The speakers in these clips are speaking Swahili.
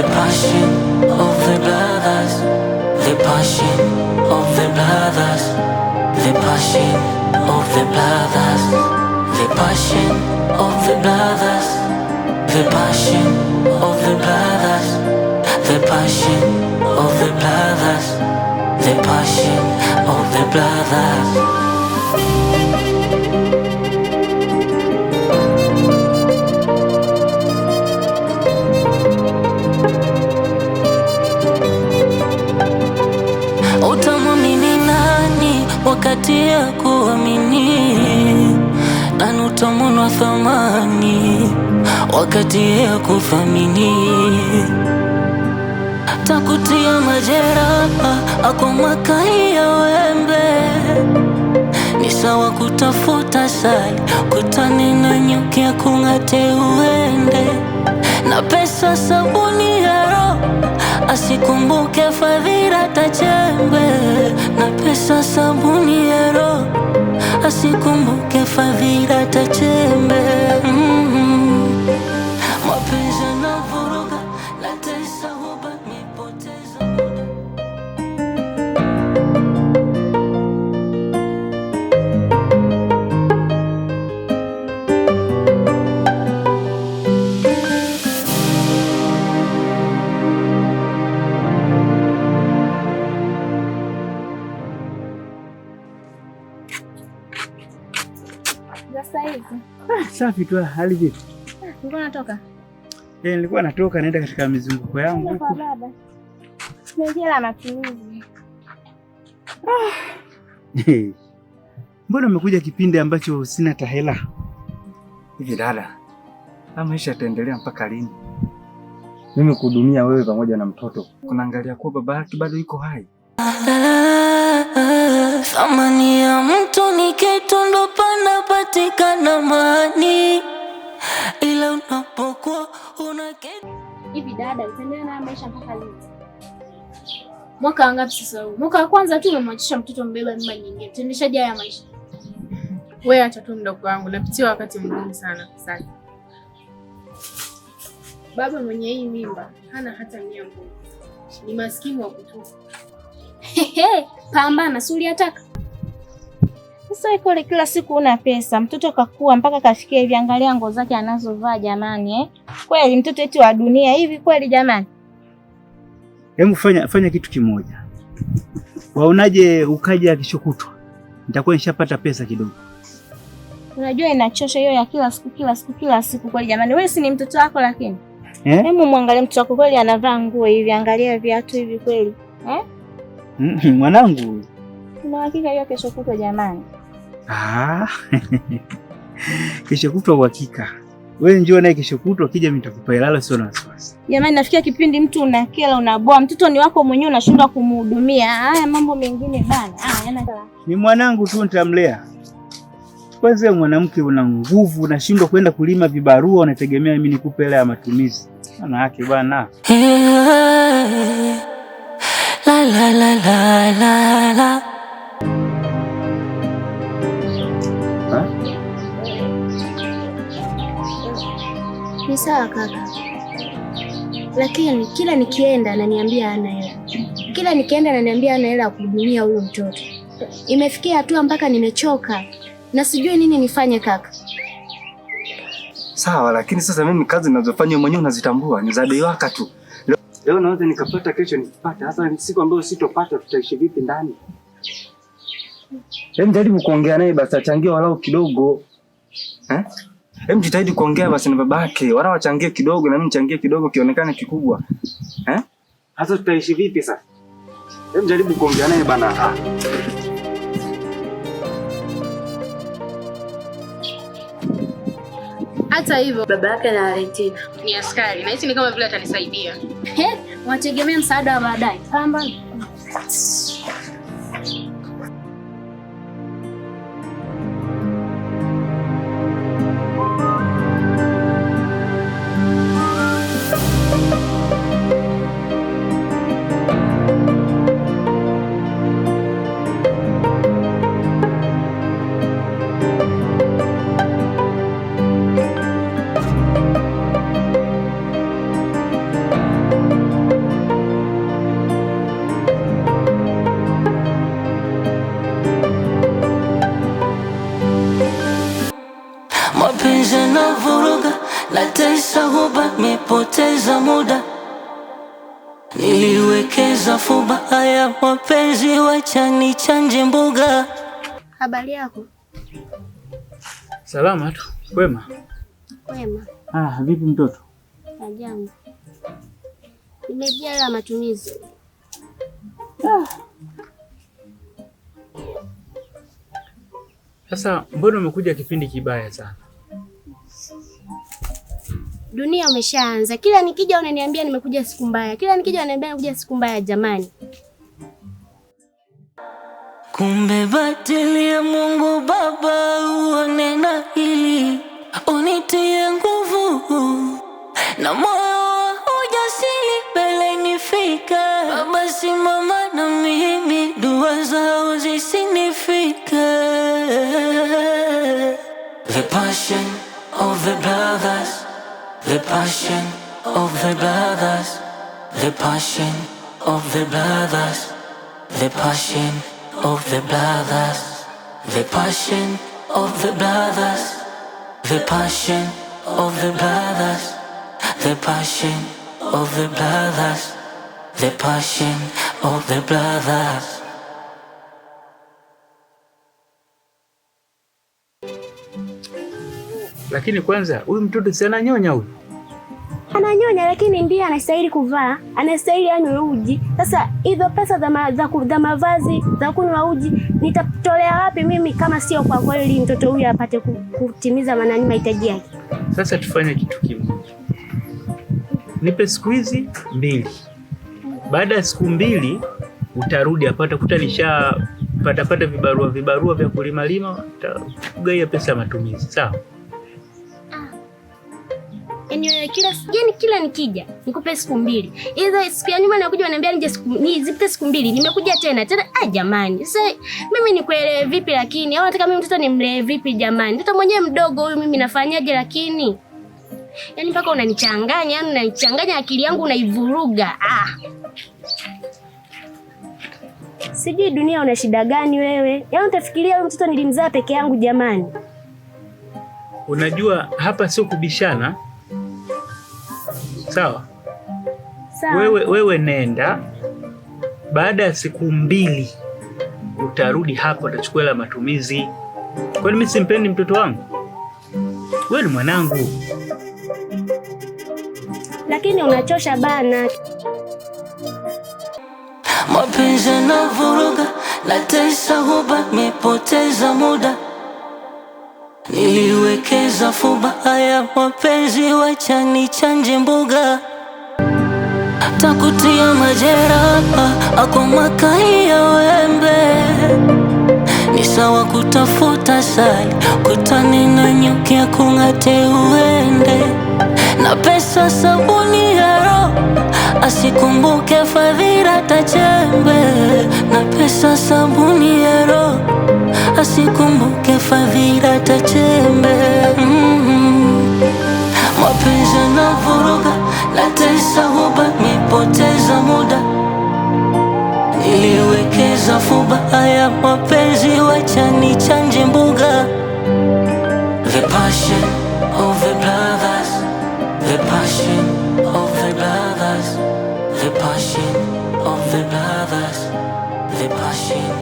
The passion of the brothers The passion of the brothers The passion of the brothers The passion of the brothers The passion of the brothers The passion of the brothers The passion of the brothers wakati ya kuthamini, takutia majeraha ako makai ya wembe. Ni sawa kutafuta sali, kutani na nyuki ya kung'ate uende na pesa, sabuni ya roho, asikumbuke fadhila tachembe na pesa, sabuni ya roho, asikumbuke fadhila tachembe mm -hmm. Safi tu. Hali vipi? Ulikuwa ah, unatoka? Eh, nilikuwa natoka naenda katika mizunguko yangu huko. Baba. Nimejela matumizi. Ah. Mbona umekuja kipindi ambacho sina tahela? Hivi dada, maisha yataendelea mpaka lini? Mimi kuhudumia wewe pamoja na mtoto, kunaangalia kuwa baba yake bado yuko hai. Ah, ah, thamani ya Kiketo ndo panapatikana maani, ila unapokuwa unaketi hivi. Dada, utaendelea na maisha mpaka lini? Mwaka wangapi sasa huu? Mwaka wa kwanza tu umemwachisha mtoto mbele mimba nyingine, tendeshaje haya maisha? Wewe acha tu, mdogo wangu, napitia wakati mgumu sana sana. Baba mwenye hii mimba hana hata mia moja, ni maskini wa kutuka. Pambana, si uliataka sio kule kila siku una pesa, mtoto kakua mpaka kafikia hivi. Angalia nguo zake anazovaa jamani, eh? Kweli mtoto eti wa dunia hivi kweli jamani. Hebu fanya fanya kitu kimoja, waonaje? Ukaja akishokutwa nitakuwa nishapata pesa kidogo. Unajua inachosha hiyo ya kila siku kila siku kila siku kweli jamani. Wewe si ni mtoto wako lakini eh? Hebu muangalie mtoto wako kweli anavaa nguo hivi, angalia viatu hivi kweli eh? Mm-hmm, mwanangu, una hakika hiyo kesho kutwa jamani? Ah. Kesho kutwa uhakika. Wewe njoo naye kesho kutwa kija nitakupa lala sio na wasiwasi. Jamani nafikia kipindi mtu unakela unaboa mtoto ni wako mwenyewe unashindwa kumhudumia. Haya mambo mengine bana. Ah, yana Ni mwanangu tu nitamlea. Kwanza mwanamke una nguvu unashindwa kwenda kulima vibarua unategemea mimi nikupe hela ya matumizi. ana yake bwana. La la la la la. Ni sawa kaka, lakini kila nikienda ananiambia ana hela, kila nikienda ananiambia ana hela ya kuhudumia huyo mtoto. Imefikia hatua mpaka nimechoka na sijui nini nifanye kaka. Sawa, lakini sasa mimi kazi ninazofanya mwenyewe unazitambua, ni za dewaka tu. Leo naweza nikapata, kesho nisipate. Hasa siku ambayo sitopata, tutaishi vipi ndani? Hebu jaribu kuongea naye basi, achangie walau kidogo eh? Hebu jitahidi kuongea basi na babake, wala wachangie kidogo na mimi nichangie kidogo, kionekane kikubwa. Eh? Hasa tutaishi vipi sasa? Hebu jaribu kuongea naye bana. Hata hivyo baba yake na Valentina ni askari, na nahisi ni kama vile atanisaidia. Wategemea msaada wa baadaye. Pamba. natesa huba, mepoteza muda, niliwekeza fuba. Haya mapenzi, wacha chanje mbuga. Habari yako? Salama tu. Kwema? Kwema. Ah, vipi mtoto? Ajambo. Nimejia la matumizi. Ah. Sasa ah, mbona umekuja kipindi kibaya sana? dunia umeshaanza. Kila nikija unaniambia nimekuja siku mbaya, kila nikija unaniambia nimekuja siku mbaya. Jamani, kumbe batili ya Mungu Baba, uone na hili unitie nguvu na moyo wa ujasiri mbele nifika. Baba, mama na mimi, dua zao zisinifika. The passion of the brothers the passion of the brothers, the passion of the brothers, the passion of the brothers, the passion of the brothers, the passion of the brothers, the passion of the brothers, the passion of the brothers. Lakini kwanza huyu mtoto si ananyonya huyu? Ananyonya lakini ndiye anastahili kuvaa, anastahili anywe uji. Sasa hizo pesa za ma, za, za mavazi za kunywa uji nitatolea wapi mimi kama sio kwa kweli mtoto huyu apate kutimiza manani mahitaji yake? Sasa tufanye kitu kimoja, nipe siku hizi mbili, baada ya siku mbili utarudi hapa, utakuta patapata vibarua vibarua vya kulima lima, utagaia pesa ya matumizi, sawa? Yaani eh, kila yani kila nikija nikupe siku mbili. Hizo siku ya nyuma nakuja wananiambia nje siku ni nizipite siku mbili. Nimekuja tena tena. Ah, jamani. Sasa mimi nikuelewe vipi lakini? Au nataka mimi mtoto nimlee vipi jamani? Mtoto mwenyewe mdogo huyu mimi nafanyaje lakini? Yaani mpaka unanichanganya, yani unanichanganya akili yangu unaivuruga. Ah. Sijui dunia una shida gani wewe? Yaani utafikiria huyu mtoto nilimzaa peke yangu jamani. Unajua hapa sio kubishana sawa? Sawa. Wewe, wewe nenda, baada ya siku mbili utarudi hapa, utachukua la matumizi. Kwani mimi simpendi mtoto wangu? Wewe ni mwanangu. Lakini unachosha bana. Mapenzi na vuruga, natesa huba, mipoteza muda Niliwekeza fubaya ya mapenzi, wacha chanje mbuga, takutia majeraha ako makai ya wembe. Ni sawa kutafuta sali, kutani na nyuki ya kung'ate, uende na pesa, sabuni ya roho, asikumbuke fadhila tachembe, na pesa, sabuni ya roho, asikumbuke Fadhila tachembe mm mm-hmm. Mapenzi na vuruga natesa huba mipoteza muda iliwekeza fuba haya mapenzi wachani chanje mbuga The passion of the brothers The passion of the brothers The passion of the brothers The passion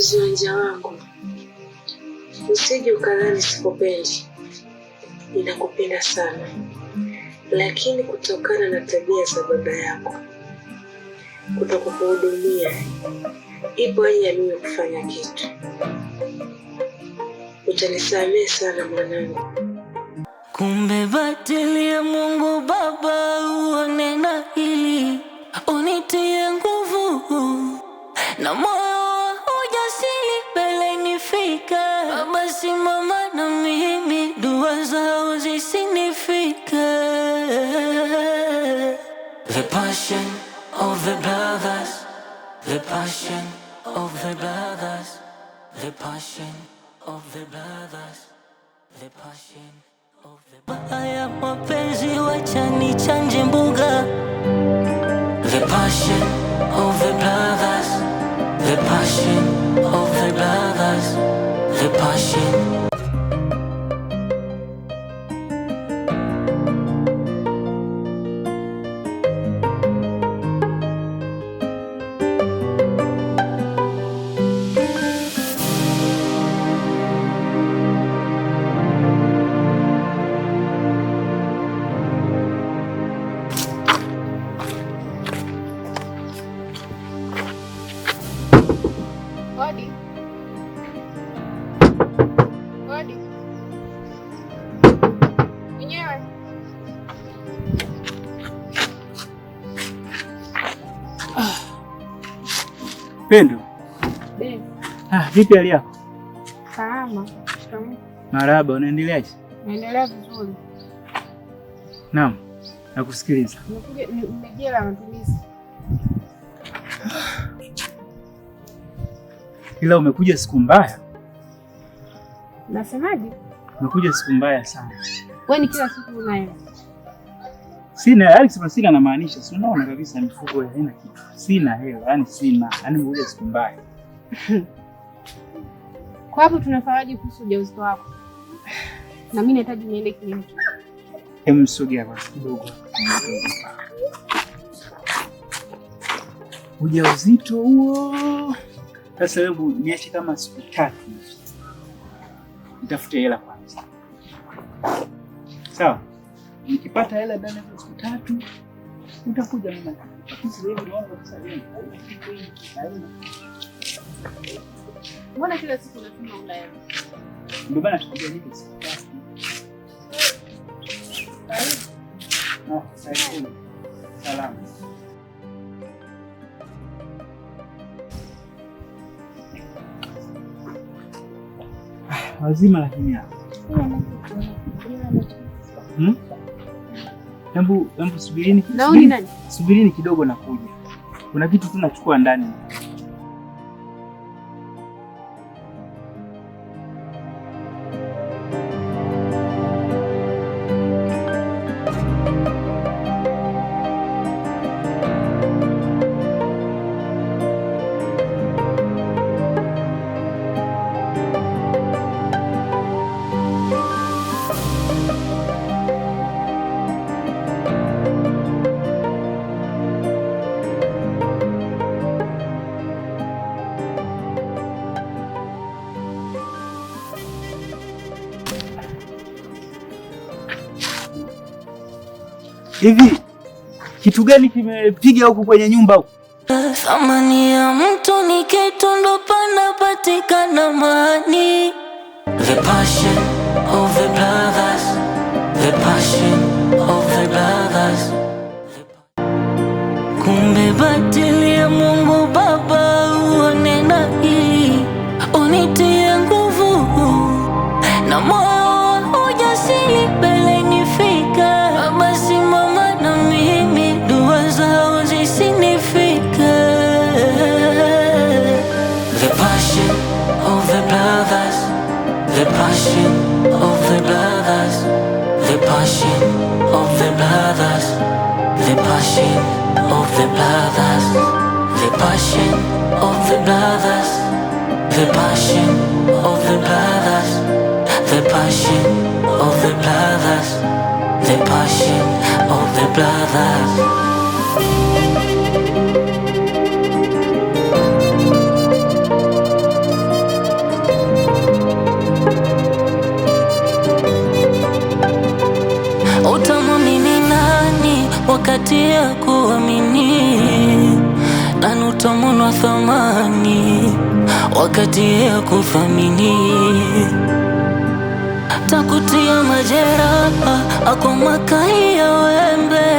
Ziwanja wangu Usije ukadhani sikupendi, ninakupenda sana, lakini kutokana na tabia za baba yako kutokukuhudumia, ipo haja ya mimi kufanya kitu. Utanisamehe sana mwanangu. Kumbe batili ya Mungu Baba, uone na hili simamana mimi, duas almas insignifica. The passion of the brothers, the passion of the brothers, the passion of the brothers, the passion of the brothers. mapenzi wacha nichanje mbuga. The passion of the brothers, the passion of the brothers. 发现。Vipi hali yako? Salama. Marahaba, unaendeleaje? Naendelea vizuri. Naam, nakusikiliza. Nimekuja matumizi. Ila umekuja siku mbaya. Nasemaje? Umekuja siku mbaya sana. Wewe ni kila siku unaenda. Sina Alex, yaani sina namaanisha, si unaona kabisa mifuko haina kitu. Sina hela, yani sina, Yaani umekuja siku mbaya Kwa hapo tunafaraji kuhusu ujauzito wako, na mimi nahitaji niende kliniki. Msugia kidogo. Ujauzito huo sasa, hebu niache kama siku tatu, nitafute hela kwanza, sawa? Nikipata hela ndani ya siku tatu utakuja mama. Mbona kila siku ulaya? Ndio bana salamu. Wazima lakini hapa. Hmm? Hebu hebu subirini. Nauli nani? Subirini kidogo nakuja. Kuna kitu tu nachukua ndani. Hivi kitu gani kimepiga huku kwenye nyumba huku? Thamani ya mtu ni kitu ndo panapatikana mani. The passion of the brothers, the passion of the brothers. Kumbe batili ya Mungu Baba uone na hii unitie nguvu na passion of the brothers, the passion of the brothers, the passion of the brothers, the passion of the brothers, the passion of the brothers, the passion of the brothers. kutia kuamini nanutamona thamani wakati ya kuthamini takutia majeraha ako makai ya wembe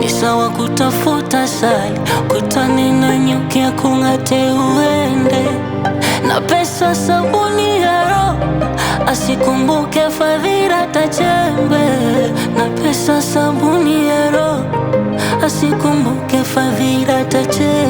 ni sawa kutafuta sali kutani na nyuki ya kung'ate uende Na napesa sabuni ya roho asikumbuke fadhila tachembe napesa sabuni ya roho asikumbuke fadhila tachembe